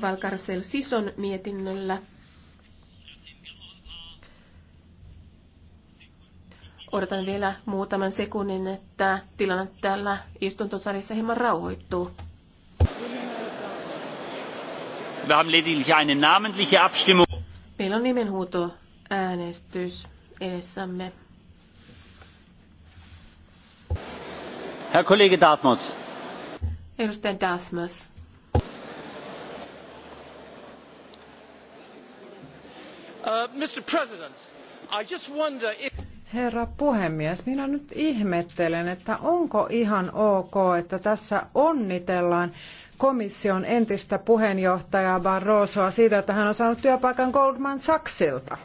Valkarsel Sison mietinnöllä. Odotan vielä muutaman sekunnin, että tilanne täällä istuntosalissa hieman rauhoittuu. Meillä on nimenhuuto äänestys edessämme. Herr Kollege Dartmouth. Edustaja Dartmouth. Uh, Herra puhemies, minä nyt ihmettelen, että onko ihan ok, että tässä onnitellaan komission entistä puheenjohtajaa Barrosoa siitä, että hän on saanut työpaikan Goldman Sachsilta.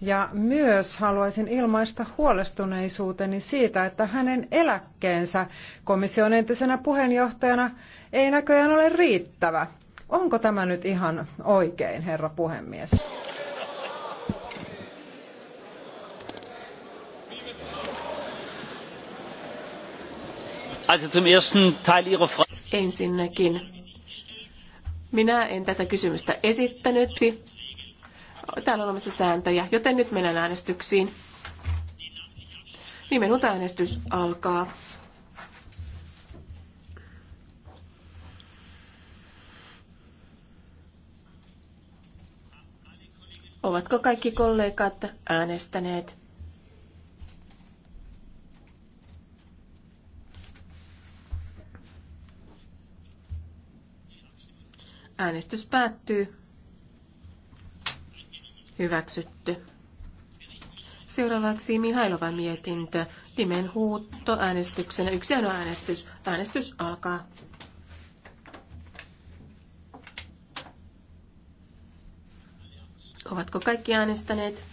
Ja myös haluaisin ilmaista huolestuneisuuteni siitä, että hänen eläkkeensä komission entisenä puheenjohtajana ei näköjään ole riittävä. Onko tämä nyt ihan oikein, herra puhemies? Ensinnäkin, minä en tätä kysymystä esittänyt. Täällä on olemassa sääntöjä, joten nyt mennään äänestyksiin. Nimenhuutoäänestys alkaa. Ovatko kaikki kollegat äänestäneet? Äänestys päättyy. Hyväksytty. Seuraavaksi Mihailovan mietintö. Nimen huutto äänestyksenä. Yksi äänestys. Äänestys alkaa. Ovatko kaikki äänestäneet?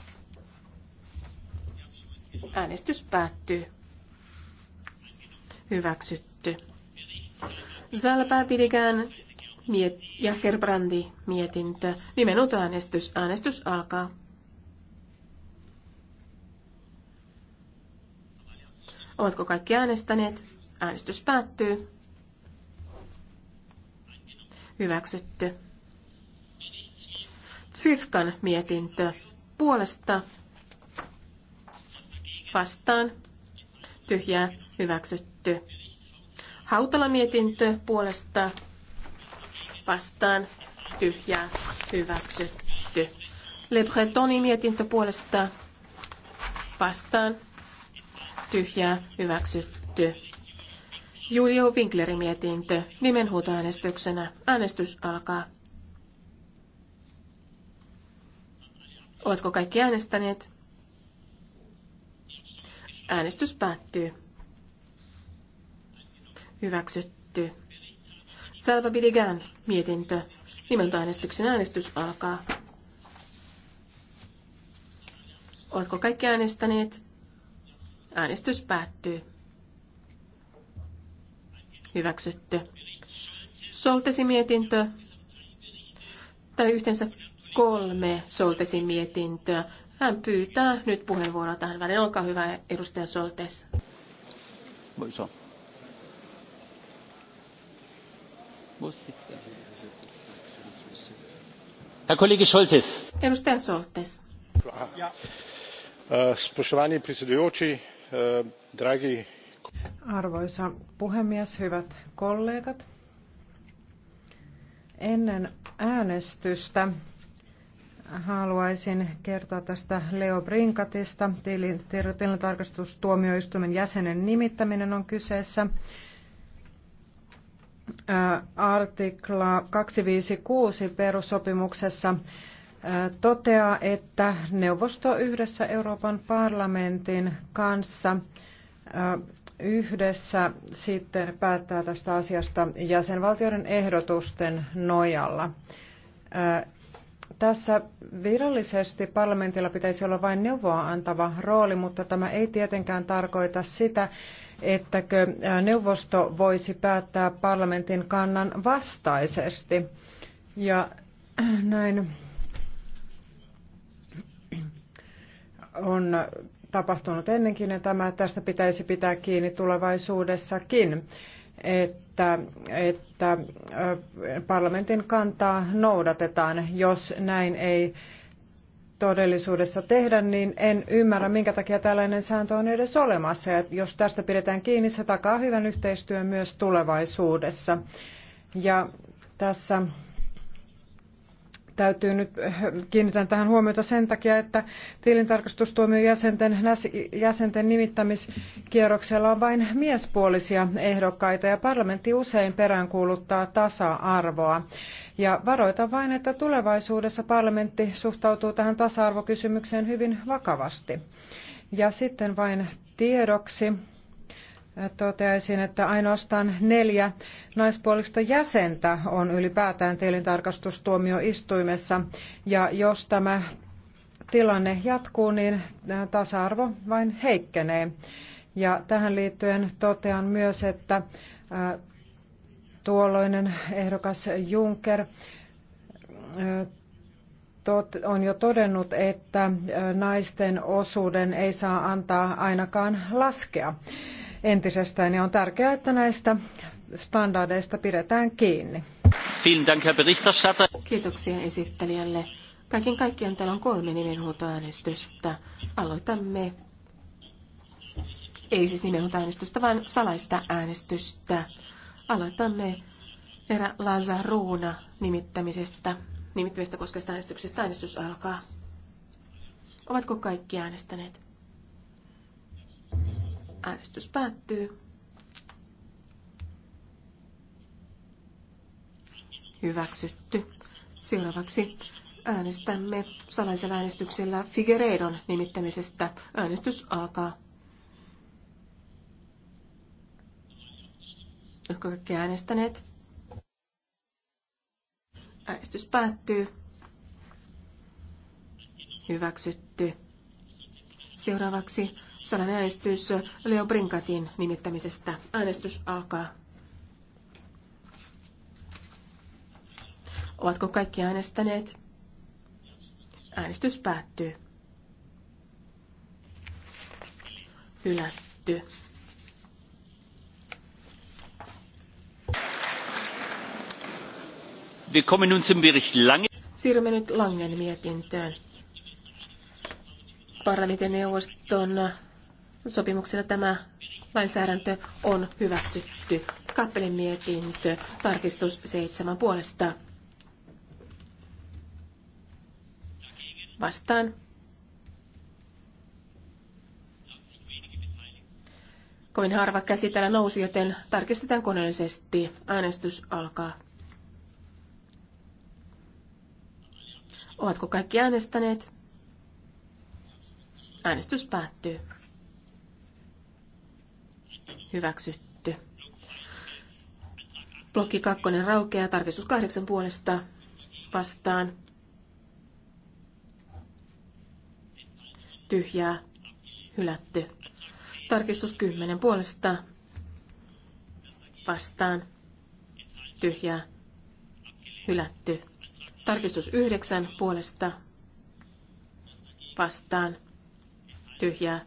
Äänestys päättyy. Hyväksytty. Zalpa pidikään miet- ja Herbrandi mietintö. Nimenut äänestys. Äänestys alkaa. Ovatko kaikki äänestäneet? Äänestys päättyy. Hyväksytty. Syfkan mietintö puolesta vastaan tyhjää hyväksytty. Hautala mietintö puolesta vastaan tyhjää hyväksytty. Le Bretonin mietintö puolesta vastaan tyhjää hyväksytty. Julio Winklerin mietintö nimenhuutoäänestyksenä. Äänestys alkaa. Oletko kaikki äänestäneet? Äänestys päättyy. Hyväksytty. Salva Bidigan, mietintö. Nimeltä äänestyksen äänestys alkaa. Oletko kaikki äänestäneet? Äänestys päättyy. Hyväksytty. Soltesi mietintö. Täällä yhteensä kolme Soltesin mietintöä. Hän pyytää nyt puheenvuoroa tähän väliin. Olkaa hyvä, edustaja Soltes. Voisi Herr Kollege Scholtes. Edustaja Soltes. Äh, spoštovani äh, dragi... Arvoisa puhemies, hyvät kollegat. Ennen äänestystä haluaisin kertoa tästä Leo Brinkatista. Tilintarkastustuomioistuimen jäsenen nimittäminen on kyseessä. Artikla 256 perussopimuksessa toteaa, että neuvosto yhdessä Euroopan parlamentin kanssa yhdessä sitten päättää tästä asiasta jäsenvaltioiden ehdotusten nojalla tässä virallisesti parlamentilla pitäisi olla vain neuvoa antava rooli, mutta tämä ei tietenkään tarkoita sitä, ettäkö neuvosto voisi päättää parlamentin kannan vastaisesti. Ja äh, näin on tapahtunut ennenkin ja tämä, tästä pitäisi pitää kiinni tulevaisuudessakin että, että parlamentin kantaa noudatetaan. Jos näin ei todellisuudessa tehdä, niin en ymmärrä, minkä takia tällainen sääntö on edes olemassa. Ja jos tästä pidetään kiinni, se takaa hyvän yhteistyön myös tulevaisuudessa. Ja tässä täytyy nyt, kiinnitän tähän huomiota sen takia, että tilintarkastustuomion jäsenten, jäsenten nimittämiskierroksella on vain miespuolisia ehdokkaita ja parlamentti usein peräänkuuluttaa tasa-arvoa. Ja varoitan vain, että tulevaisuudessa parlamentti suhtautuu tähän tasa-arvokysymykseen hyvin vakavasti. Ja sitten vain tiedoksi Toteaisin, että ainoastaan neljä naispuolista jäsentä on ylipäätään tilintarkastustuomioistuimessa. Ja jos tämä tilanne jatkuu, niin tasa-arvo vain heikkenee. Ja tähän liittyen totean myös, että tuolloinen ehdokas Juncker on jo todennut, että naisten osuuden ei saa antaa ainakaan laskea entisestään ja niin on tärkeää, että näistä standardeista pidetään kiinni. Kiitoksia esittelijälle. Kaiken kaikkiaan täällä on kolme nimenhuutoäänestystä. Aloitamme, ei siis nimenhuutoäänestystä, vaan salaista äänestystä. Aloitamme herra Lazaruuna nimittämisestä, nimittämistä koskevasta äänestyksestä. Äänestys alkaa. Ovatko kaikki äänestäneet? Äänestys päättyy. Hyväksytty. Seuraavaksi äänestämme salaisella äänestyksellä Figereidon nimittämisestä. Äänestys alkaa. Oletko kaikki äänestäneet? Äänestys päättyy. Hyväksytty. Seuraavaksi sananäänestys Leo Brinkatin nimittämisestä. Äänestys alkaa. Ovatko kaikki äänestäneet? Äänestys päättyy. Hylätty. Wir kommen nun zum Bericht Lange. Siirrymme nyt Langen mietintöön parlamentin neuvoston sopimuksella tämä lainsäädäntö on hyväksytty. Kappelin mietintö, tarkistus seitsemän puolesta. Vastaan. Kovin harva käsi täällä nousi, joten tarkistetaan koneellisesti. Äänestys alkaa. Ovatko kaikki äänestäneet? Äänestys päättyy hyväksytty. Blokki 2 raukeaa tarkistus kahdeksan puolesta vastaan. Tyhjää hylätty. Tarkistus 10 puolesta vastaan. Tyhjää hylätty. Tarkistus 9 puolesta vastaan. Tyhjää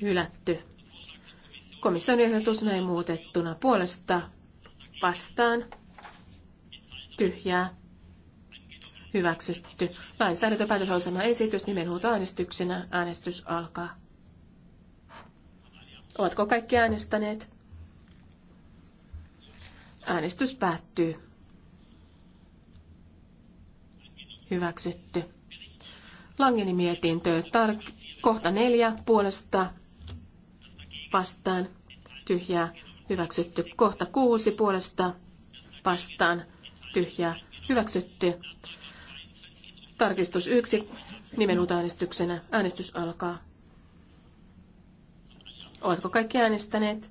hylätty. Komission ehdotus näin muutettuna puolesta vastaan tyhjää hyväksytty. Lainsäädäntöpäätösosama esitys äänestyksenä. Äänestys alkaa. Ovatko kaikki äänestäneet? Äänestys päättyy. Hyväksytty. Langeni mietintö. Tar- kohta neljä puolesta vastaan tyhjää hyväksytty. Kohta kuusi puolesta vastaan tyhjää hyväksytty. Tarkistus yksi nimenhuutoäänestyksenä. Äänestys alkaa. Oletko kaikki äänestäneet?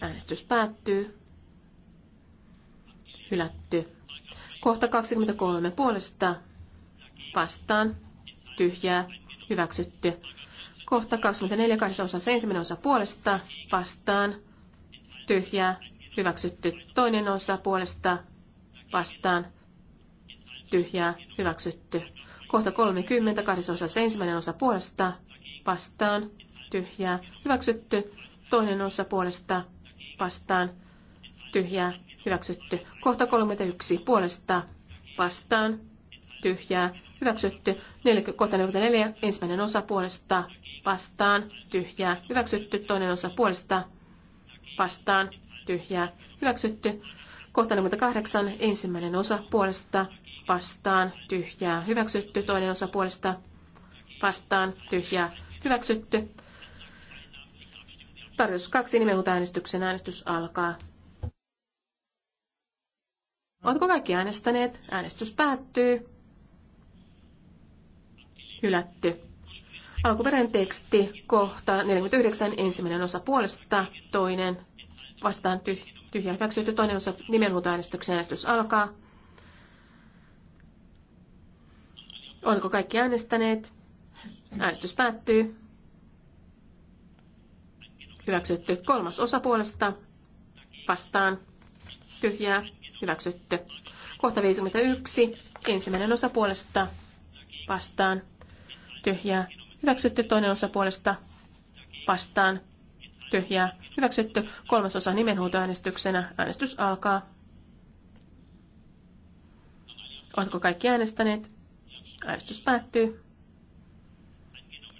Äänestys päättyy. Hylätty. Kohta 23 puolesta vastaan tyhjää hyväksytty. Kohta 24 kahdessa osassa ensimmäinen osa puolesta vastaan tyhjä hyväksytty. Toinen osa puolesta vastaan tyhjä hyväksytty. Kohta 30 kahdessa osassa ensimmäinen osa puolesta vastaan tyhjä hyväksytty. Toinen osa puolesta vastaan tyhjä hyväksytty. Kohta 31 puolesta vastaan tyhjä hyväksytty. 44, ensimmäinen osa puolesta vastaan, tyhjää, hyväksytty. Toinen osa puolesta vastaan, tyhjää, hyväksytty. Kohta 48, ensimmäinen osa puolesta vastaan, tyhjää, hyväksytty. Toinen osa puolesta vastaan, tyhjää, hyväksytty. Tarjous kaksi nimenhuuta äänestyksen äänestys alkaa. Oletko kaikki äänestäneet? Äänestys päättyy hylätty. Alkuperäinen teksti, kohta 49, ensimmäinen osa puolesta, toinen vastaan tyh- tyhjä hyväksytty, toinen osa nimenhuutoäänestyksen äänestys alkaa. Oliko kaikki äänestäneet? Äänestys päättyy. Hyväksytty kolmas osa puolesta, vastaan tyhjää, hyväksytty. Kohta 51, ensimmäinen osa puolesta, vastaan tyhjää, hyväksytty toinen osa puolesta vastaan, tyhjää, hyväksytty kolmas osa nimenhuutoäänestyksenä, äänestys alkaa. Oletko kaikki äänestäneet? Äänestys päättyy.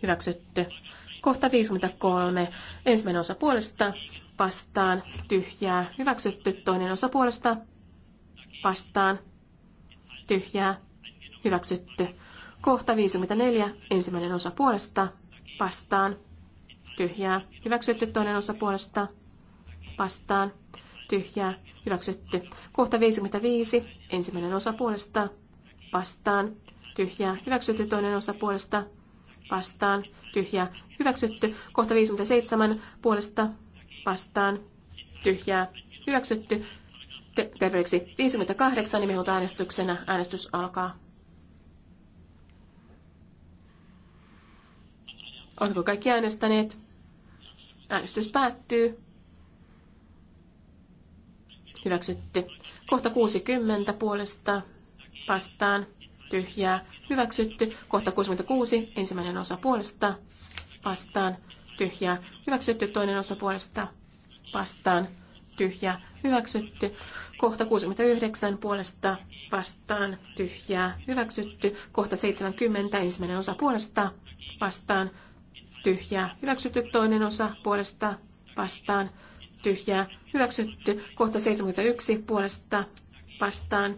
Hyväksytty. Kohta 53. Ensimmäinen osa puolesta vastaan tyhjää. Hyväksytty. Toinen osa puolesta vastaan tyhjää. Hyväksytty. Kohta 54, ensimmäinen osa puolesta, vastaan, tyhjää, hyväksytty toinen osa puolesta, vastaan, tyhjää, hyväksytty. Kohta 55, ensimmäinen osa puolesta, vastaan, tyhjää, hyväksytty toinen osa puolesta, vastaan, tyhjää, hyväksytty. Kohta 57, puolesta, vastaan, tyhjää, hyväksytty. Terveeksi 58, nimenhuuto äänestyksenä, äänestys alkaa. Oletko kaikki äänestäneet? Äänestys päättyy. Hyväksytty. Kohta 60 puolesta vastaan tyhjää. Hyväksytty. Kohta 66 ensimmäinen osa puolesta vastaan tyhjää. Hyväksytty toinen osa puolesta vastaan tyhjää. Hyväksytty. Kohta 69 puolesta vastaan tyhjää. Hyväksytty. Kohta 70 ensimmäinen osa puolesta vastaan tyhjää. Hyväksytty toinen osa puolesta vastaan tyhjää. Hyväksytty kohta 71 puolesta vastaan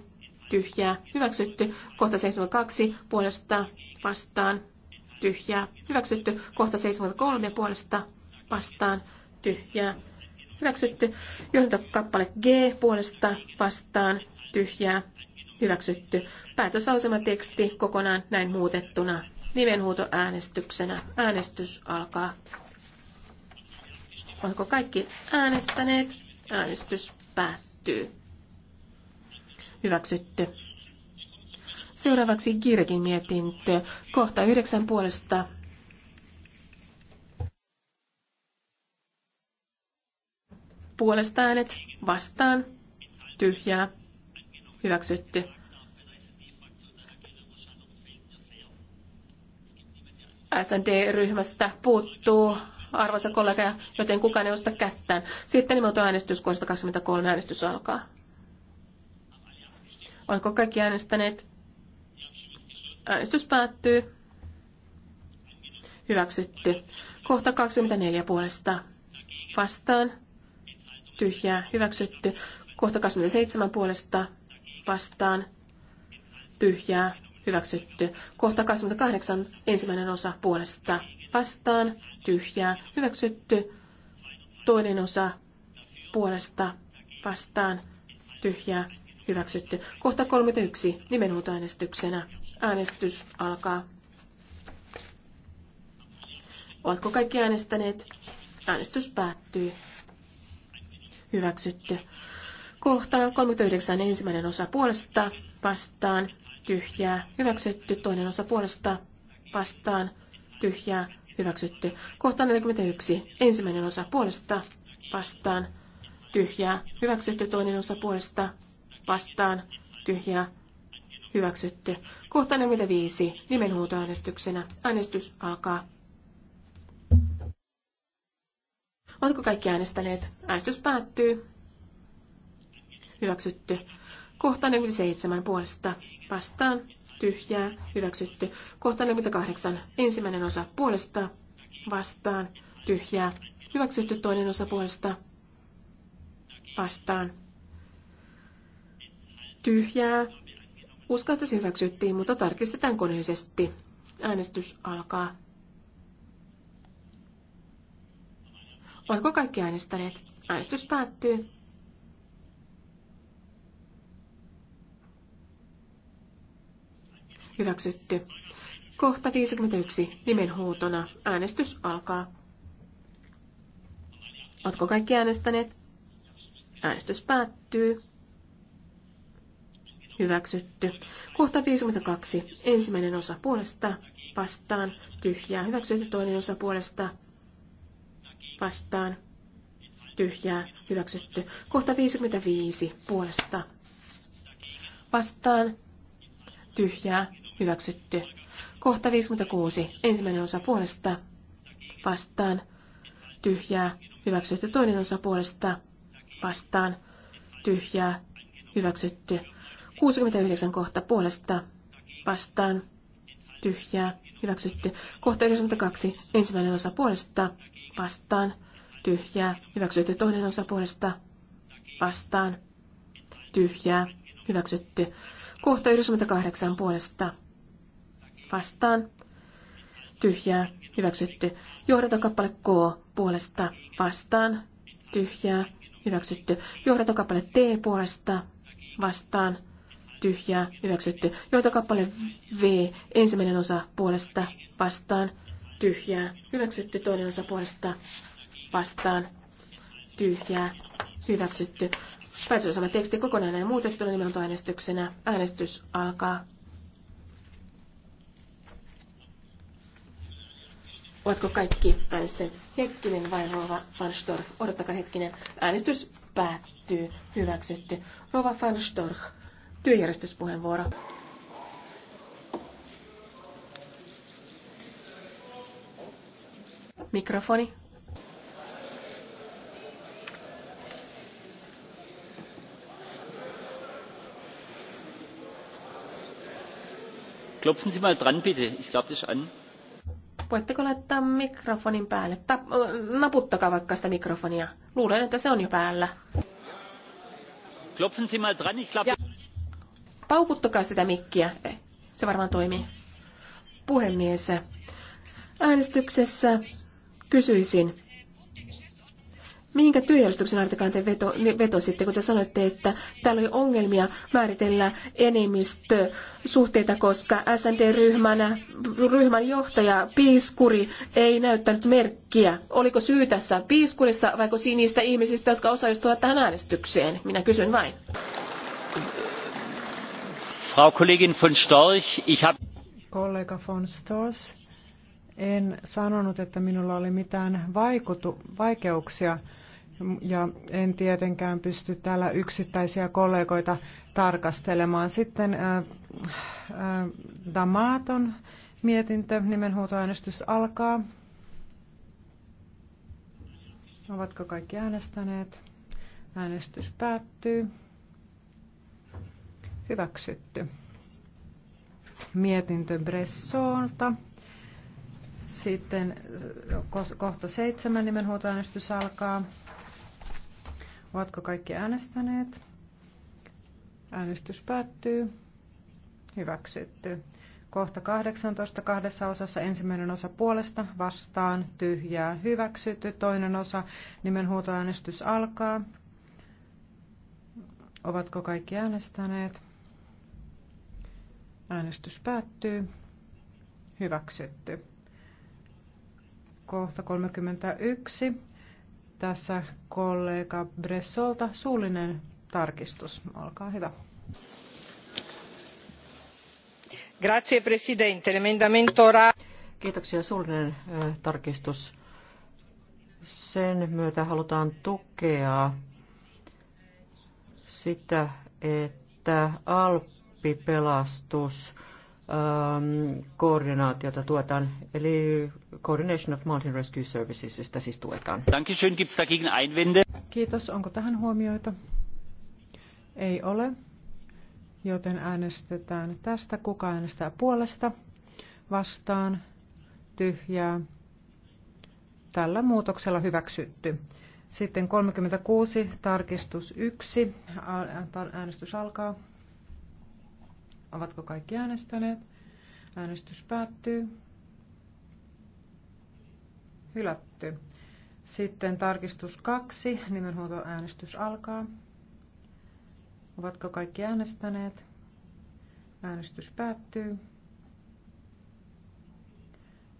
tyhjää. Hyväksytty kohta 72 puolesta vastaan tyhjää. Hyväksytty kohta 73 puolesta vastaan tyhjää. Hyväksytty johdantokappale G puolesta vastaan tyhjää. Hyväksytty teksti kokonaan näin muutettuna nimenhuutoäänestyksenä. Äänestys alkaa. Onko kaikki äänestäneet? Äänestys päättyy. Hyväksytty. Seuraavaksi Kirkin mietintö. Kohta yhdeksän puolesta puolesta äänet, vastaan, tyhjää, hyväksytty. SND-ryhmästä puuttuu arvoisa kollega, joten kukaan ei nosta kättään. Sitten nimeltä äänestyskohdasta 23 äänestys alkaa. Oliko kaikki äänestäneet? Äänestys päättyy. Hyväksytty. Kohta 24 puolesta. Vastaan. Tyhjää. Hyväksytty. Kohta 27 puolesta. Vastaan. Tyhjää hyväksytty. Kohta 28 ensimmäinen osa puolesta vastaan tyhjää hyväksytty. Toinen osa puolesta vastaan tyhjää hyväksytty. Kohta 31 nimenhuutoäänestyksenä. Äänestys alkaa. oletko kaikki äänestäneet? Äänestys päättyy. Hyväksytty. Kohta 39 ensimmäinen osa puolesta vastaan tyhjää, hyväksytty. Toinen osa puolesta vastaan, tyhjää, hyväksytty. Kohta 41. Ensimmäinen osa puolesta vastaan, tyhjää, hyväksytty. Toinen osa puolesta vastaan, tyhjää, hyväksytty. Kohta 45. Nimenhuutoäänestyksenä. Äänestys alkaa. Oletko kaikki äänestäneet? Äänestys päättyy. Hyväksytty. Kohta 47 puolesta vastaan tyhjää hyväksytty. Kohta 48 ensimmäinen osa puolesta vastaan tyhjää hyväksytty toinen osa puolesta vastaan tyhjää. Uskon, että se hyväksyttiin, mutta tarkistetaan koneellisesti. Äänestys alkaa. Oliko kaikki äänestäneet? Äänestys päättyy. Hyväksytty. Kohta 51. Nimenhuutona. Äänestys alkaa. Oletko kaikki äänestäneet? Äänestys päättyy. Hyväksytty. Kohta 52. Ensimmäinen osa puolesta. Vastaan. Tyhjää. Hyväksytty. Toinen osa puolesta. Vastaan. Tyhjää. Hyväksytty. Kohta 55. Puolesta. Vastaan. Tyhjää Hyväksytty. Kohta 56. Ensimmäinen osa puolesta vastaan. Tyhjää. Hyväksytty. Toinen osa puolesta vastaan. Tyhjää. Hyväksytty. 69 kohta puolesta vastaan. Tyhjää. Hyväksytty. Kohta 92. Ensimmäinen osa puolesta vastaan. Tyhjää. Hyväksytty. Toinen osa puolesta vastaan. Tyhjää. Hyväksytty. Kohta 98 puolesta vastaan tyhjää hyväksytty. kappale K puolesta vastaan tyhjää hyväksytty. kappale T puolesta vastaan tyhjää hyväksytty. kappale V ensimmäinen osa puolesta vastaan tyhjää hyväksytty. Toinen osa puolesta vastaan tyhjää hyväksytty. Päätösosama teksti kokonaan ja muutettuna nimenhuutoäänestyksenä. Äänestys alkaa. Ovatko kaikki äänestäneet? Hetkinen vai Rova van Storch? Odottakaa hetkinen. Äänestys päättyy. Hyväksytty. Rova van Storch. Työjärjestyspuheenvuoro. Mikrofoni. Klopfen Sie mal dran, bitte. Ich glaube, das ist an. Voitteko laittaa mikrofonin päälle? Ta- naputtakaa vaikka sitä mikrofonia. Luulen, että se on jo päällä. Klopfen Sie mal dran, ich ja. Paukuttakaa sitä mikkiä. Se varmaan toimii. Puhemies, äänestyksessä kysyisin, Mihinkä työjärjestyksen artikaan te veto, vetositte, kun te sanoitte, että täällä oli ongelmia määritellä enemmistösuhteita, koska SND-ryhmän ryhmän johtaja Piiskuri ei näyttänyt merkkiä. Oliko syy tässä Piiskurissa vai niistä ihmisistä, jotka osallistuvat tähän äänestykseen? Minä kysyn vain. Frau Kollegin von Storch, ich habe... Kollega von Storch, en sanonut, että minulla oli mitään vaikutu, vaikeuksia ja en tietenkään pysty täällä yksittäisiä kollegoita tarkastelemaan. Sitten äh, äh, Damaton mietintö, nimenhuutoäänestys alkaa. Ovatko kaikki äänestäneet? Äänestys päättyy. Hyväksytty. Mietintö Bressolta. Sitten äh, kohta seitsemän nimenhuutoäänestys alkaa. Ovatko kaikki äänestäneet? Äänestys päättyy. Hyväksytty. Kohta 18 kahdessa osassa ensimmäinen osa puolesta vastaan tyhjää hyväksytty. Toinen osa nimenhuutoäänestys alkaa. Ovatko kaikki äänestäneet? Äänestys päättyy. Hyväksytty. Kohta 31 tässä kollega Bressolta suullinen tarkistus. Olkaa hyvä. Grazie Presidente. L'emendamento Kiitoksia. Suullinen tarkistus. Sen myötä halutaan tukea sitä, että alppipelastus Ähm, koordinaatiota tuetaan, eli Coordination of Mountain Rescue Servicesista siis tuetaan. Dankeschön, gibt's dagegen Einwände? Kiitos, onko tähän huomioita? Ei ole, joten äänestetään tästä. Kuka äänestää puolesta? Vastaan? Tyhjää? Tällä muutoksella hyväksytty. Sitten 36, tarkistus 1. Äänestys alkaa. Ovatko kaikki äänestäneet? Äänestys päättyy. Hylätty. Sitten tarkistus kaksi. Nimenhuuto äänestys alkaa. Ovatko kaikki äänestäneet? Äänestys päättyy.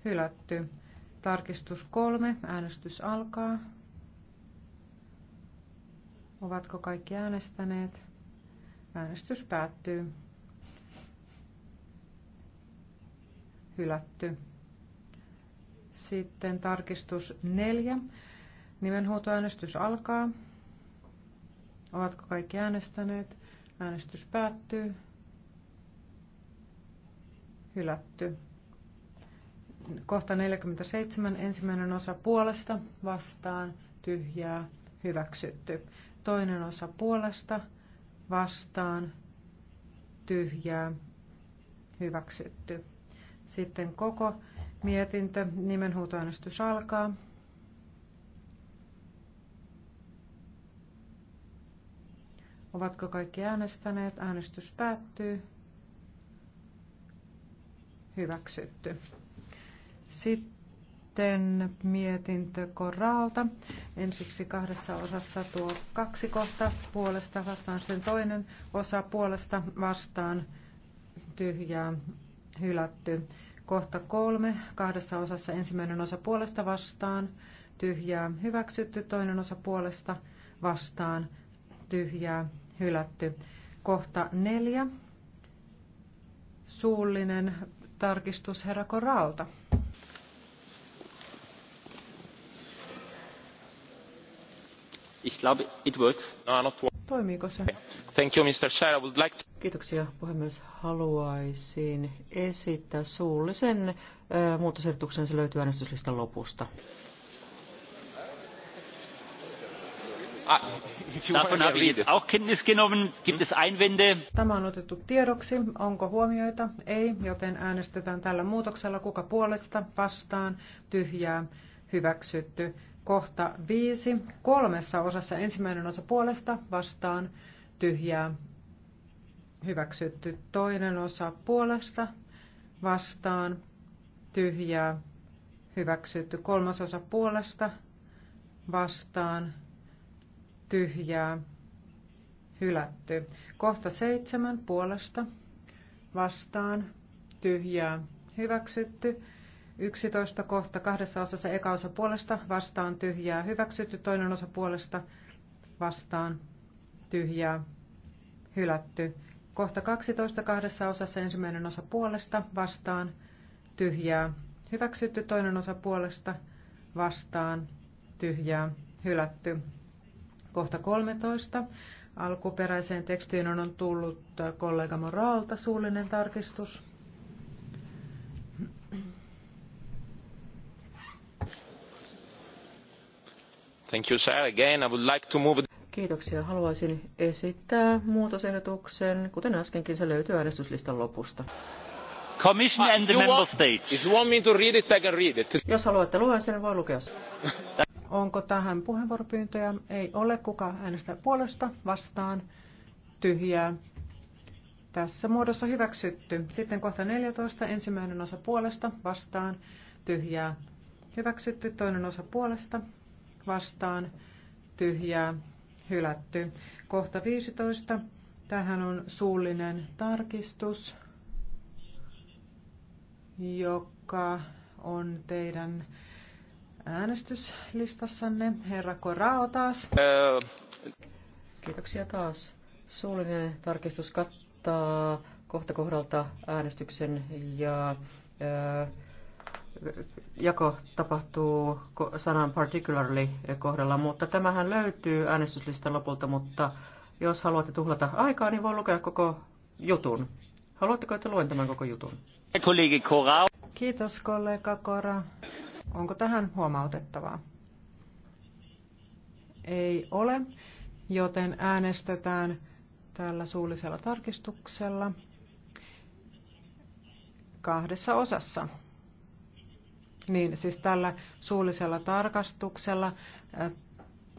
Hylätty. Tarkistus kolme. Äänestys alkaa. Ovatko kaikki äänestäneet? Äänestys päättyy. hylätty. Sitten tarkistus neljä. Nimenhuutoäänestys alkaa. Ovatko kaikki äänestäneet? Äänestys päättyy. Hylätty. Kohta 47. Ensimmäinen osa puolesta vastaan tyhjää hyväksytty. Toinen osa puolesta vastaan tyhjää hyväksytty. Sitten koko mietintö, nimenhuutoäänestys alkaa. Ovatko kaikki äänestäneet? Äänestys päättyy. Hyväksytty. Sitten mietintö korralta. Ensiksi kahdessa osassa tuo kaksi kohta puolesta vastaan sen toinen osa puolesta vastaan tyhjää hylätty. Kohta kolme, kahdessa osassa ensimmäinen osa puolesta vastaan, tyhjää hyväksytty, toinen osa puolesta vastaan, tyhjää hylätty. Kohta neljä, suullinen tarkistus herra Koralta. Ich glaube, it works. No, not Toimiiko se? Thank you, Mr. Chair. I would like to... Kiitoksia, puhemies. Haluaisin esittää suullisen äh, muutosehdotuksen. Se löytyy äänestyslistan lopusta. Ah, Gibt hm? es Einwände? Tämä on otettu tiedoksi. Onko huomioita? Ei, joten äänestetään tällä muutoksella. Kuka puolesta, vastaan, tyhjää, hyväksytty kohta viisi kolmessa osassa. Ensimmäinen osa puolesta vastaan tyhjää hyväksytty. Toinen osa puolesta vastaan tyhjää hyväksytty. Kolmas osa puolesta vastaan tyhjää hylätty. Kohta seitsemän puolesta vastaan tyhjää hyväksytty. 11 kohta kahdessa osassa eka osa puolesta vastaan tyhjää hyväksytty, toinen osa puolesta vastaan tyhjää hylätty. Kohta 12 kahdessa osassa ensimmäinen osa puolesta vastaan tyhjää hyväksytty, toinen osa puolesta vastaan tyhjää hylätty. Kohta 13 alkuperäiseen tekstiin on tullut kollega Moraalta suullinen tarkistus. Thank you, sir. Again, I would like to move... Kiitoksia. Haluaisin esittää muutosehdotuksen, kuten äskenkin se löytyy äänestyslistan lopusta. Commission ah, and the member states. If you want me to read it, I can read it. Jos haluatte lukea sen, voi lukea sen. Onko tähän puheenvuoropyyntöjä? Ei ole. Kuka äänestää puolesta? Vastaan. Tyhjää. Tässä muodossa hyväksytty. Sitten kohta 14. Ensimmäinen osa puolesta. Vastaan. Tyhjää. Hyväksytty. Toinen osa puolesta vastaan tyhjää hylätty. Kohta 15. Tähän on suullinen tarkistus, joka on teidän äänestyslistassanne. Herra Korao taas. Kiitoksia taas. Suullinen tarkistus kattaa kohta kohdalta äänestyksen ja jako tapahtuu sanan particularly kohdalla, mutta tämähän löytyy äänestyslistan lopulta, mutta jos haluatte tuhlata aikaa, niin voi lukea koko jutun. Haluatteko, että luen tämän koko jutun? Kiitos kollega Kora. Onko tähän huomautettavaa? Ei ole, joten äänestetään tällä suullisella tarkistuksella kahdessa osassa. Niin, siis tällä suullisella tarkastuksella äh,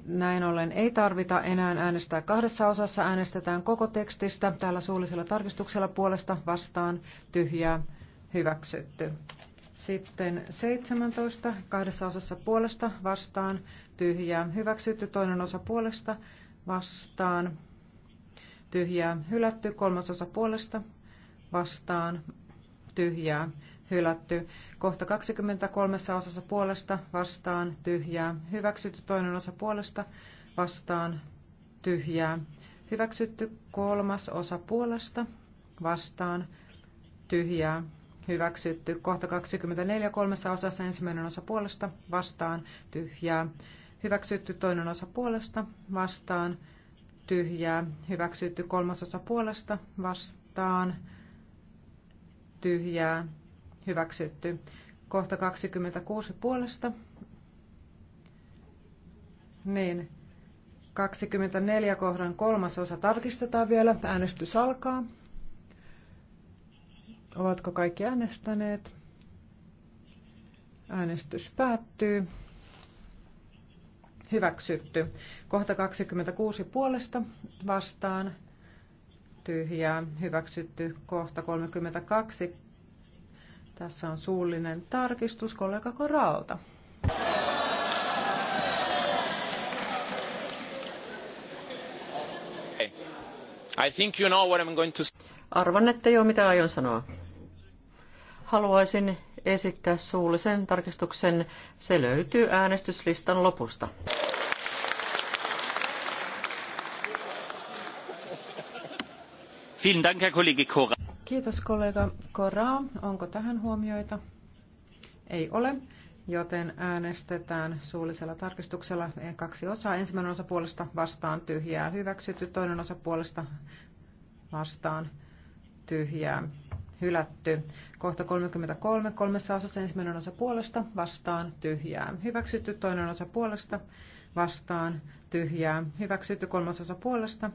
näin ollen ei tarvita enää äänestää kahdessa osassa. Äänestetään koko tekstistä tällä suullisella tarkistuksella puolesta vastaan tyhjää hyväksytty. Sitten 17 kahdessa osassa puolesta vastaan tyhjää hyväksytty. Toinen osa puolesta vastaan tyhjää hylätty. Kolmas osa puolesta vastaan tyhjää hylätty. Kohta 23 osassa puolesta vastaan tyhjää. Hyväksytty toinen osa puolesta vastaan tyhjää. Hyväksytty kolmas osa puolesta vastaan tyhjää. Hyväksytty kohta 24 kolmessa osassa ensimmäinen osa puolesta vastaan tyhjää. Hyväksytty toinen osa puolesta vastaan tyhjää. Hyväksytty kolmas osa puolesta vastaan tyhjää hyväksytty. Kohta 26 puolesta. Niin. 24 kohdan kolmas osa tarkistetaan vielä. Äänestys alkaa. Ovatko kaikki äänestäneet? Äänestys päättyy. Hyväksytty. Kohta 26 puolesta vastaan. Tyhjää. Hyväksytty. Kohta 32 tässä on suullinen tarkistus kollega Koralta. I think you know what I'm going to... Arvan, että jo mitä aion sanoa. Haluaisin esittää suullisen tarkistuksen. Se löytyy äänestyslistan lopusta. Vielen Dank, Herr Kiitos kollega Koraa. Onko tähän huomioita? Ei ole, joten äänestetään suullisella tarkistuksella kaksi osaa. Ensimmäinen osa puolesta vastaan tyhjää hyväksytty, toinen osa puolesta vastaan tyhjää hylätty. Kohta 33, kolmessa osassa ensimmäinen osa puolesta vastaan tyhjää hyväksytty, toinen osa puolesta vastaan tyhjää hyväksytty, kolmas osa puolesta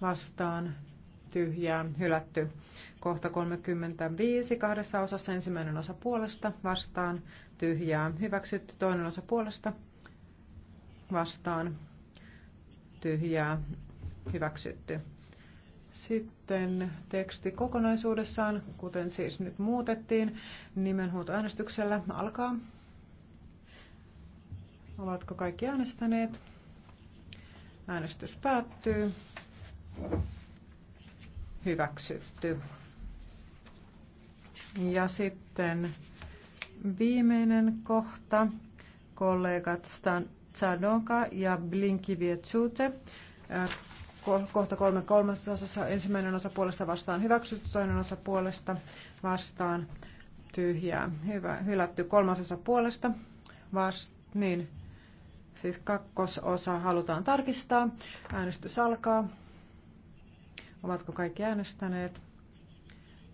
vastaan tyhjää, hylätty. Kohta 35, kahdessa osassa ensimmäinen osa puolesta, vastaan, tyhjää, hyväksytty. Toinen osa puolesta, vastaan, tyhjää, hyväksytty. Sitten teksti kokonaisuudessaan, kuten siis nyt muutettiin, nimenhuutoäänestyksellä alkaa. Ovatko kaikki äänestäneet? Äänestys päättyy hyväksytty. Ja sitten viimeinen kohta, kollegat Stan Tsadoka ja Blinki Blinkivietsute. Äh, kohta kolme osassa ensimmäinen osa puolesta vastaan hyväksytty, toinen osa puolesta vastaan tyhjää. Hyvä, hylätty kolmasosa puolesta. Vast, niin, siis kakkososa halutaan tarkistaa. Äänestys alkaa. Ovatko kaikki äänestäneet?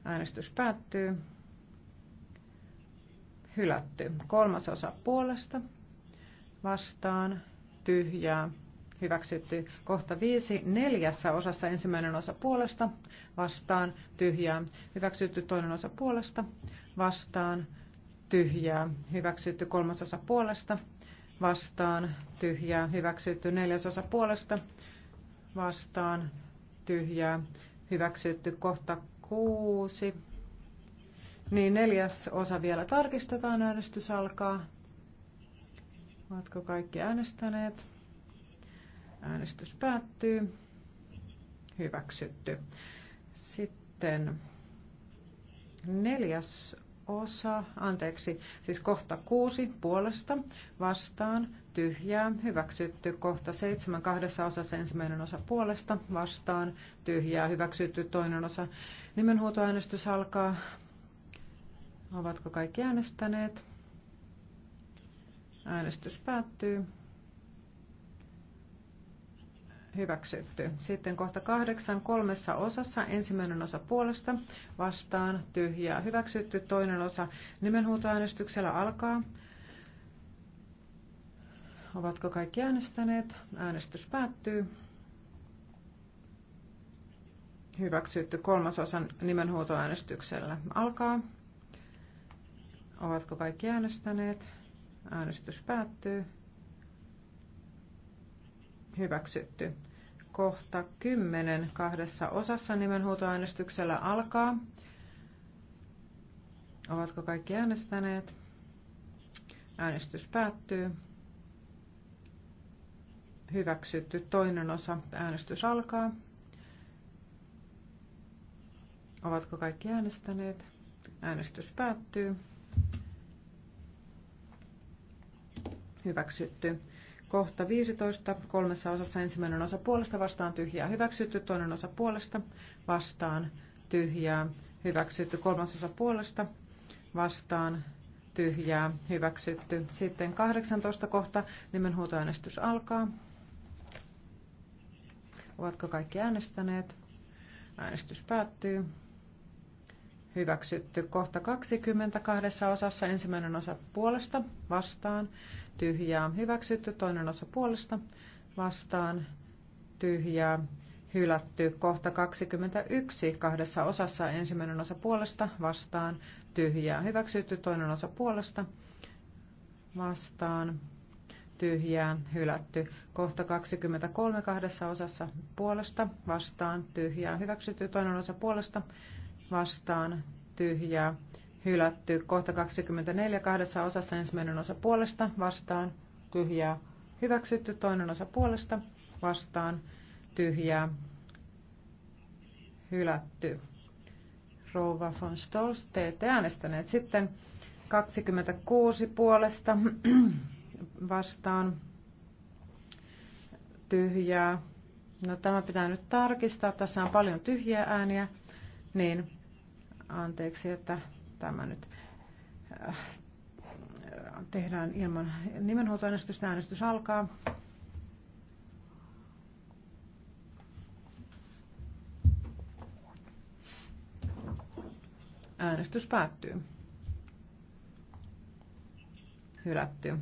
Äänestys päättyy. Hylätty. Kolmas osa puolesta. Vastaan. Tyhjää. Hyväksytty. Kohta viisi. Neljässä osassa ensimmäinen osa puolesta. Vastaan. Tyhjää. Hyväksytty toinen osa puolesta. Vastaan. Tyhjää. Hyväksytty kolmas osa puolesta. Vastaan. Tyhjää. Hyväksytty neljäs osa puolesta. Vastaan tyhjää hyväksytty kohta kuusi. Niin neljäs osa vielä tarkistetaan, äänestys alkaa. Ovatko kaikki äänestäneet? Äänestys päättyy. Hyväksytty. Sitten neljäs osa, anteeksi, siis kohta kuusi puolesta vastaan tyhjää, hyväksytty kohta seitsemän kahdessa osassa ensimmäinen osa puolesta vastaan tyhjää, hyväksytty toinen osa. Nimenhuutoäänestys alkaa. Ovatko kaikki äänestäneet? Äänestys päättyy hyväksytty. Sitten kohta kahdeksan kolmessa osassa. Ensimmäinen osa puolesta vastaan tyhjää hyväksytty. Toinen osa nimenhuutoäänestyksellä alkaa. Ovatko kaikki äänestäneet? Äänestys päättyy. Hyväksytty kolmas osa nimenhuutoäänestyksellä alkaa. Ovatko kaikki äänestäneet? Äänestys päättyy hyväksytty. Kohta 10 kahdessa osassa nimenhuutoäänestyksellä alkaa. Ovatko kaikki äänestäneet? Äänestys päättyy. Hyväksytty toinen osa. Äänestys alkaa. Ovatko kaikki äänestäneet? Äänestys päättyy. Hyväksytty. Kohta 15. Kolmessa osassa ensimmäinen osa puolesta vastaan tyhjää hyväksytty, toinen osa puolesta vastaan tyhjää hyväksytty, kolmas osa puolesta vastaan tyhjää hyväksytty. Sitten 18 kohta nimenhuutoäänestys alkaa. Ovatko kaikki äänestäneet? Äänestys päättyy hyväksytty. Kohta 20 kahdessa osassa ensimmäinen osa puolesta vastaan tyhjää hyväksytty, toinen osa puolesta vastaan tyhjää hylätty. Kohta 21 kahdessa osassa ensimmäinen osa puolesta vastaan tyhjää hyväksytty, toinen osa puolesta vastaan tyhjää hylätty. Kohta 23 kahdessa osassa puolesta vastaan tyhjää hyväksytty, toinen osa puolesta vastaan tyhjää hylätty. Kohta 24 kahdessa osassa ensimmäinen osa puolesta vastaan tyhjää hyväksytty. Toinen osa puolesta vastaan tyhjää hylätty. Rouva von Stolz, te ette äänestäneet sitten 26 puolesta vastaan tyhjää. No tämä pitää nyt tarkistaa. Tässä on paljon tyhjiä ääniä. Niin Anteeksi, että tämä nyt äh, tehdään ilman nimenhuoltoäänestystä. Äänestys alkaa. Äänestys päättyy. Hylätty.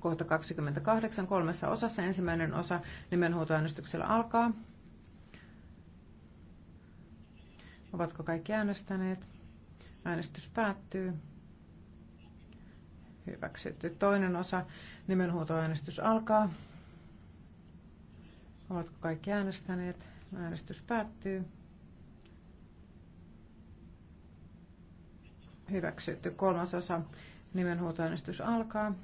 Kohta 28 kolmessa osassa. Ensimmäinen osa nimenhuoltoäänestyksellä alkaa. Ovatko kaikki äänestäneet? Äänestys päättyy. Hyväksytty. Toinen osa. Nimenhuutoäänestys alkaa. Ovatko kaikki äänestäneet? Äänestys päättyy. Hyväksytty. Kolmas osa. Nimenhuutoäänestys alkaa.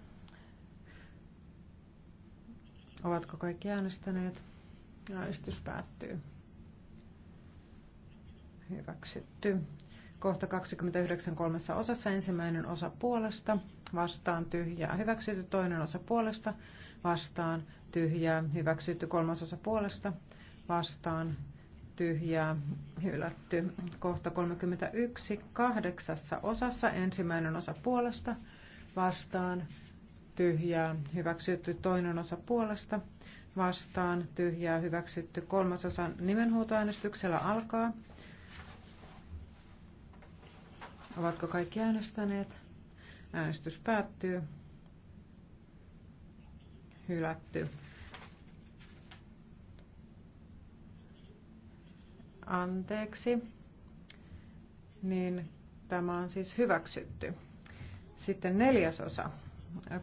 Ovatko kaikki äänestäneet? Äänestys päättyy hyväksytty. Kohta 29 kolmessa osassa ensimmäinen osa puolesta, vastaan tyhjää, hyväksytty toinen osa puolesta, vastaan tyhjää, hyväksytty kolmas osa puolesta, vastaan tyhjää, hylätty. Kohta 31 kahdeksassa osassa ensimmäinen osa puolesta, vastaan tyhjää, hyväksytty toinen osa puolesta, vastaan tyhjää, hyväksytty kolmas osa nimenhuutoäänestyksellä alkaa. Ovatko kaikki äänestäneet? Äänestys päättyy. Hylätty. Anteeksi. Niin tämä on siis hyväksytty. Sitten neljäsosa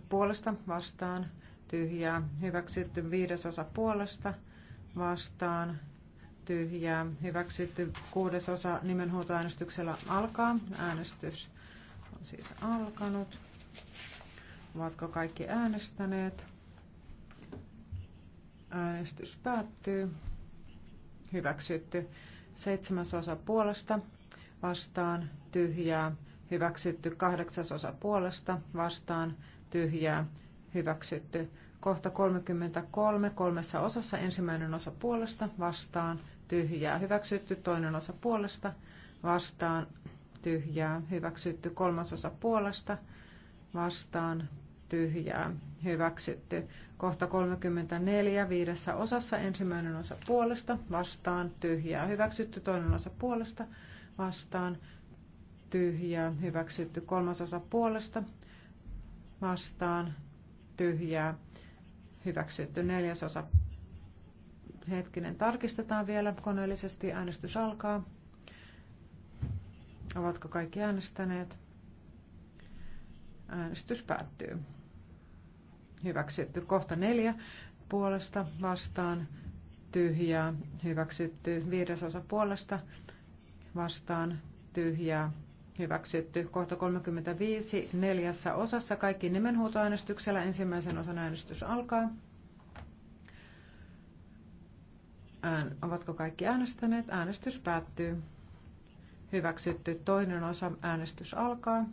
puolesta vastaan tyhjää. Hyväksytty viidesosa puolesta vastaan tyhjää. Hyväksytty kuudesosa nimenhuutoäänestyksellä alkaa. Äänestys on siis alkanut. Ovatko kaikki äänestäneet? Äänestys päättyy. Hyväksytty seitsemäsosa puolesta vastaan tyhjää. Hyväksytty kahdeksasosa puolesta vastaan tyhjää. Hyväksytty kohta 33 kolmessa osassa ensimmäinen osa puolesta vastaan tyhjää hyväksytty, toinen osa puolesta vastaan tyhjää hyväksytty, kolmas osa puolesta vastaan tyhjää hyväksytty. Kohta 34 viidessä osassa ensimmäinen osa puolesta vastaan tyhjää hyväksytty, toinen osa puolesta vastaan tyhjää hyväksytty, kolmas osa puolesta vastaan tyhjää hyväksytty, neljäs osa Hetkinen, tarkistetaan vielä koneellisesti. Äänestys alkaa. Ovatko kaikki äänestäneet? Äänestys päättyy. Hyväksytty kohta neljä puolesta vastaan tyhjää. Hyväksytty viidesosa puolesta vastaan tyhjää. Hyväksytty kohta 35 neljässä osassa. Kaikki nimenhuutoäänestyksellä ensimmäisen osan äänestys alkaa. Ään, ovatko kaikki äänestäneet? Äänestys päättyy. Hyväksytty. Toinen osa äänestys alkaa.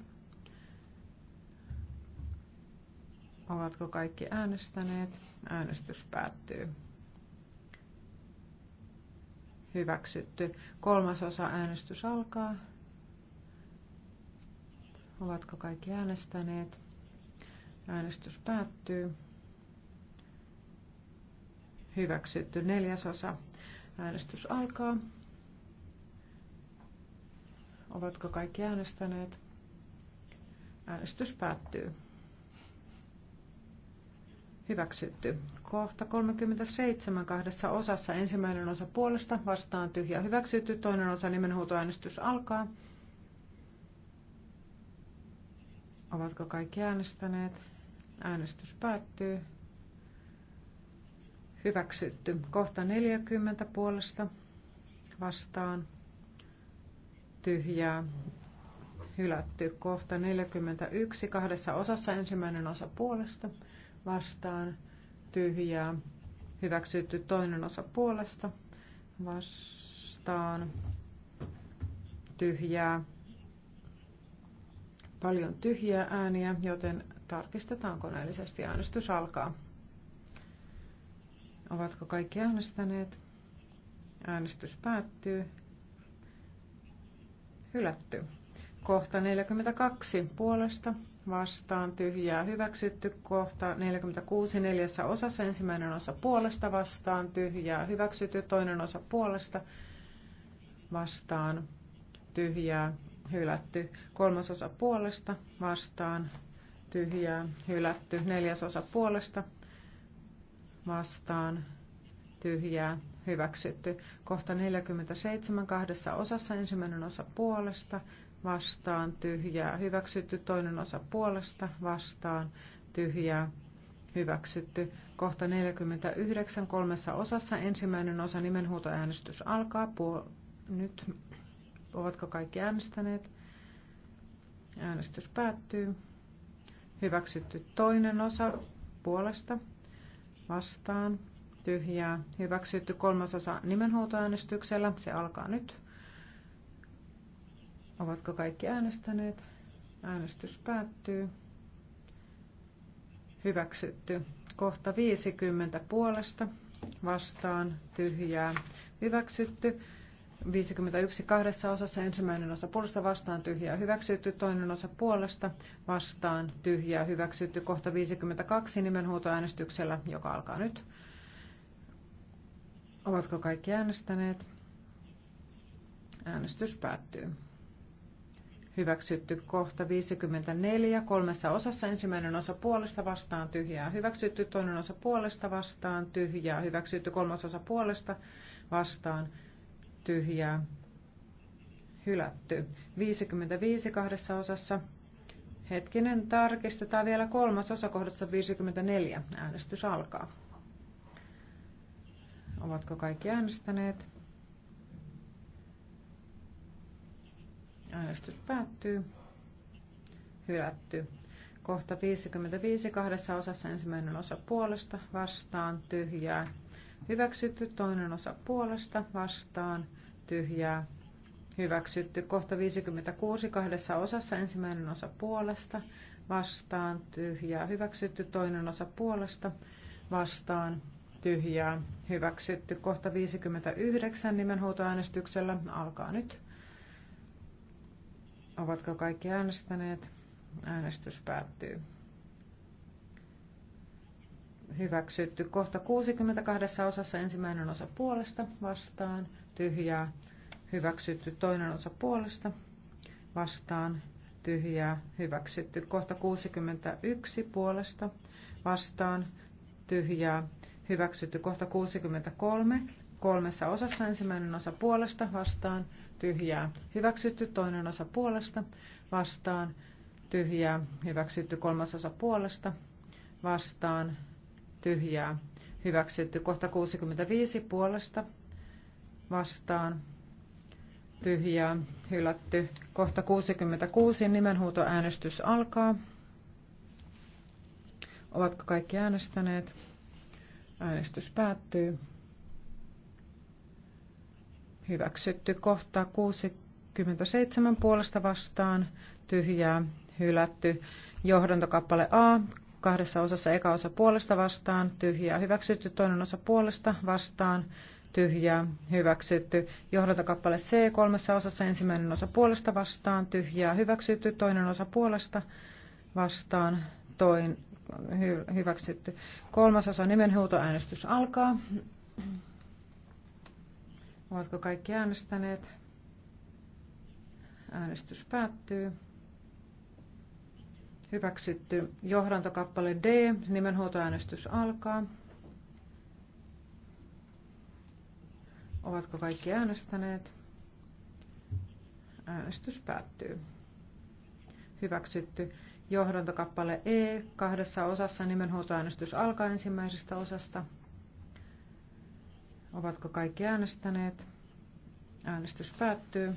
Ovatko kaikki äänestäneet? Äänestys päättyy. Hyväksytty. Kolmas osa äänestys alkaa. Ovatko kaikki äänestäneet? Äänestys päättyy. Hyväksytty neljäsosa. Äänestys alkaa. Ovatko kaikki äänestäneet? Äänestys päättyy. Hyväksytty. Kohta 37 kahdessa osassa. Ensimmäinen osa puolesta vastaan tyhjä hyväksytty. Toinen osa nimenhuutoäänestys alkaa. Ovatko kaikki äänestäneet? Äänestys päättyy. Hyväksytty. Kohta 40 puolesta vastaan. Tyhjää. Hylätty. Kohta 41 kahdessa osassa ensimmäinen osa puolesta vastaan. Tyhjää. Hyväksytty toinen osa puolesta vastaan. Tyhjää. Paljon tyhjiä ääniä, joten tarkistetaan koneellisesti. Äänestys alkaa. Ovatko kaikki äänestäneet? Äänestys päättyy. Hylätty. Kohta 42 puolesta vastaan tyhjää hyväksytty. Kohta 46 neljässä osassa ensimmäinen osa puolesta vastaan tyhjää hyväksytty. Toinen osa puolesta vastaan tyhjää hylätty. Kolmas osa puolesta vastaan tyhjää hylätty. Neljäs osa puolesta vastaan tyhjää hyväksytty. Kohta 47 kahdessa osassa ensimmäinen osa puolesta vastaan tyhjää hyväksytty, toinen osa puolesta vastaan tyhjää hyväksytty. Kohta 49 kolmessa osassa ensimmäinen osa nimenhuutoäänestys alkaa. Puol- Nyt ovatko kaikki äänestäneet? Äänestys päättyy. Hyväksytty toinen osa puolesta vastaan, tyhjää, hyväksytty kolmasosa nimenhuutoäänestyksellä, se alkaa nyt. Ovatko kaikki äänestäneet? Äänestys päättyy. Hyväksytty. Kohta 50 puolesta vastaan tyhjää. Hyväksytty. 51 kahdessa osassa ensimmäinen osa puolesta vastaan tyhjää hyväksytty, toinen osa puolesta vastaan tyhjää hyväksytty, kohta 52 nimenhuutoäänestyksellä, joka alkaa nyt. Ovatko kaikki äänestäneet? Äänestys päättyy. Hyväksytty kohta 54 kolmessa osassa. Ensimmäinen osa puolesta vastaan tyhjää hyväksytty, toinen osa puolesta vastaan tyhjää hyväksytty, kolmas osa puolesta vastaan tyhjää tyhjää hylätty. 55 kahdessa osassa. Hetkinen, tarkistetaan vielä kolmas osa kohdassa 54. Äänestys alkaa. Ovatko kaikki äänestäneet? Äänestys päättyy. Hylätty. Kohta 55 kahdessa osassa ensimmäinen osa puolesta vastaan tyhjää. Hyväksytty toinen osa puolesta vastaan tyhjää hyväksytty. Kohta 56 kahdessa osassa ensimmäinen osa puolesta vastaan tyhjää hyväksytty. Toinen osa puolesta vastaan tyhjää hyväksytty. Kohta 59 nimenhuutoäänestyksellä alkaa nyt. Ovatko kaikki äänestäneet? Äänestys päättyy. Hyväksytty. Kohta 62 osassa ensimmäinen osa puolesta vastaan tyhjää, hyväksytty toinen osa puolesta, vastaan, tyhjää, hyväksytty. Kohta 61 puolesta, vastaan, tyhjää, hyväksytty. Kohta 63, kolmessa osassa ensimmäinen osa puolesta, vastaan, tyhjää, hyväksytty. Toinen osa puolesta, vastaan, tyhjää, hyväksytty. Kolmas osa puolesta, vastaan, tyhjää, hyväksytty. Kohta 65 puolesta, vastaan tyhjää hylätty. Kohta 66 nimenhuutoäänestys alkaa. Ovatko kaikki äänestäneet? Äänestys päättyy. Hyväksytty kohta 67 puolesta vastaan, tyhjää, hylätty. Johdantokappale A, kahdessa osassa eka osa puolesta vastaan, tyhjää, hyväksytty toinen osa puolesta vastaan, tyhjää, hyväksytty. Johdantokappale C kolmessa osassa ensimmäinen osa puolesta vastaan, tyhjää, hyväksytty. Toinen osa puolesta vastaan, toin, hy, hyväksytty. Kolmas osa nimenhuutoäänestys alkaa. Ovatko kaikki äänestäneet? Äänestys päättyy. Hyväksytty. Johdantokappale D. Nimenhuutoäänestys alkaa. Ovatko kaikki äänestäneet? Äänestys päättyy. Hyväksytty. Johdontokappale E kahdessa osassa nimenhuutoäänestys alkaa ensimmäisestä osasta. Ovatko kaikki äänestäneet? Äänestys päättyy.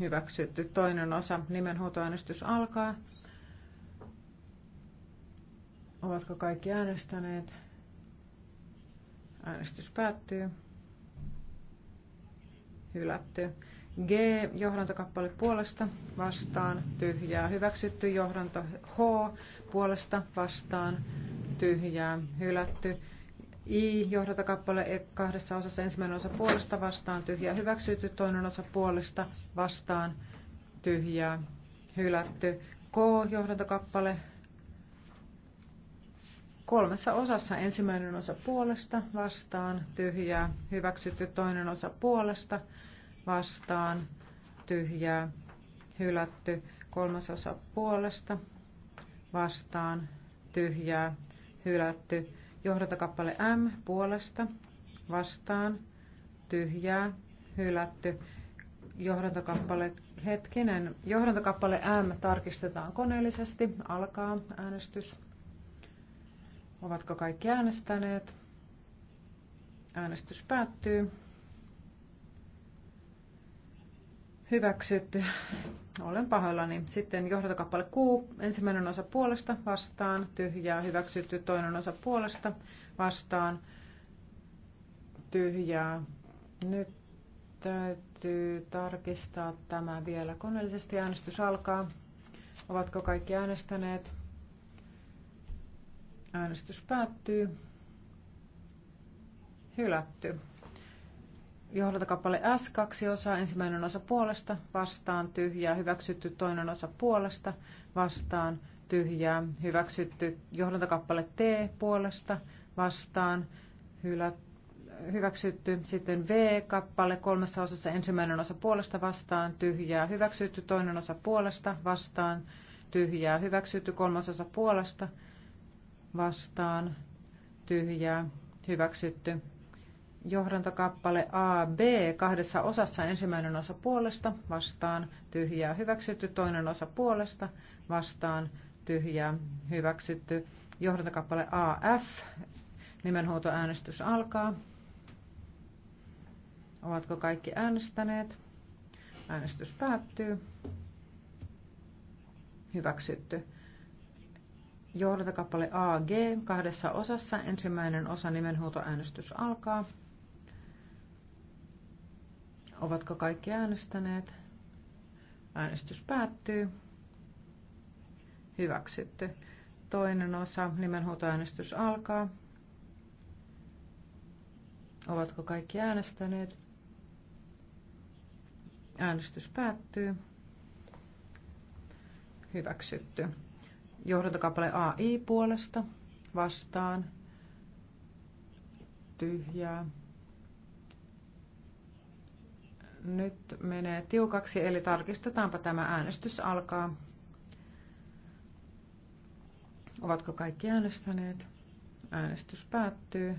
Hyväksytty. Toinen osa nimenhuutoäänestys alkaa. Ovatko kaikki äänestäneet? Äänestys päättyy. Hylätty. G. Johdantokappale puolesta vastaan tyhjää. Hyväksytty johdanto H. Puolesta vastaan tyhjää. Hylätty. I. Johdantokappale e, kahdessa osassa ensimmäinen osa puolesta vastaan tyhjää. Hyväksytty toinen osa puolesta vastaan tyhjää. Hylätty. K. Johdantokappale kolmessa osassa. Ensimmäinen osa puolesta, vastaan, tyhjää, hyväksytty. Toinen osa puolesta, vastaan, tyhjää, hylätty. Kolmas osa puolesta, vastaan, tyhjää, hylätty. Johdatokappale M puolesta, vastaan, tyhjää, hylätty. Johdantokappale, hetkinen, johdantokappale M tarkistetaan koneellisesti, alkaa äänestys. Ovatko kaikki äänestäneet? Äänestys päättyy. Hyväksytty. Olen pahoillani. Sitten johdantokappale Q. Ensimmäinen osa puolesta vastaan. Tyhjää. Hyväksytty. Toinen osa puolesta vastaan. Tyhjää. Nyt täytyy tarkistaa tämä vielä. Koneellisesti äänestys alkaa. Ovatko kaikki äänestäneet? Äänestys päättyy. Hylätty. kappale S, kaksi osaa. Ensimmäinen osa puolesta, vastaan, tyhjää, hyväksytty. Toinen osa puolesta, vastaan, tyhjää, hyväksytty. kappale T, puolesta, vastaan, hylätty hyväksytty. Sitten V-kappale kolmessa osassa ensimmäinen osa puolesta vastaan, tyhjää, hyväksytty. Toinen osa puolesta vastaan, tyhjää, hyväksytty. Kolmas osa puolesta vastaan tyhjää hyväksytty. Johdantokappale AB kahdessa osassa ensimmäinen osa puolesta vastaan tyhjää hyväksytty, toinen osa puolesta vastaan tyhjää hyväksytty. Johdantokappale AF, nimenhuutoäänestys alkaa. Ovatko kaikki äänestäneet? Äänestys päättyy. Hyväksytty johdantakappale AG kahdessa osassa. Ensimmäinen osa nimenhuutoäänestys alkaa. Ovatko kaikki äänestäneet? Äänestys päättyy. Hyväksytty. Toinen osa nimenhuutoäänestys alkaa. Ovatko kaikki äänestäneet? Äänestys päättyy. Hyväksytty. Johdantokappale AI puolesta vastaan. Tyhjää. Nyt menee tiukaksi, eli tarkistetaanpa tämä äänestys alkaa. Ovatko kaikki äänestäneet? Äänestys päättyy.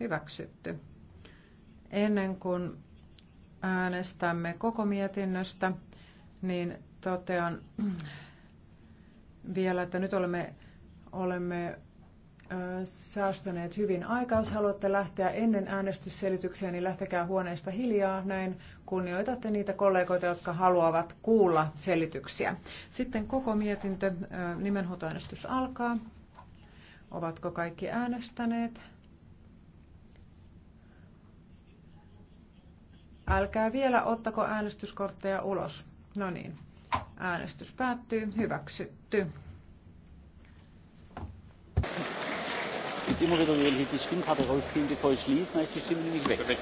Hyväksytty. Ennen kuin äänestämme koko mietinnöstä, niin totean vielä, että nyt olemme, olemme säästäneet hyvin aikaa. Jos haluatte lähteä ennen äänestysselityksiä, niin lähtekää huoneesta hiljaa. Näin kunnioitatte niitä kollegoita, jotka haluavat kuulla selityksiä. Sitten koko mietintö, nimenhuutoäänestys alkaa. Ovatko kaikki äänestäneet? Älkää vielä ottako äänestyskortteja ulos. No niin, Äänestys päättyy. Hyväksytty. Immer wieder die Hälfte der Stimmkarte rausfiel, bevor ich schließe, dann ist die Stimme nämlich weg.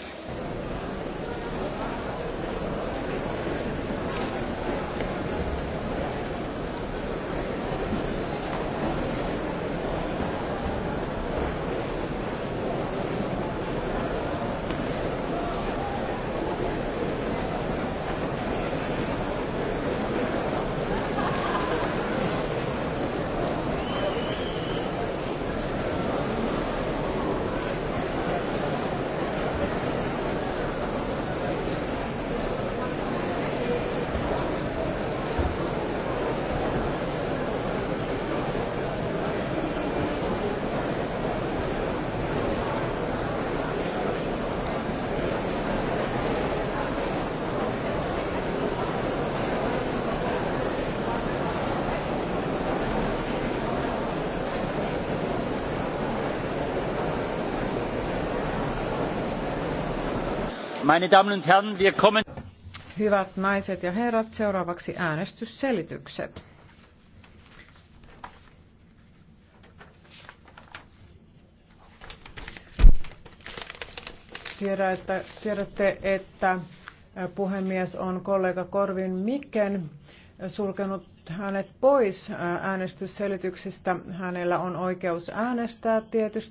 Hyvät naiset ja herrat, seuraavaksi äänestysselitykset. tiedätte, että puhemies on kollega Korvin Mikken sulkenut hänet pois äänestysselityksestä. Hänellä on oikeus äänestää tietysti.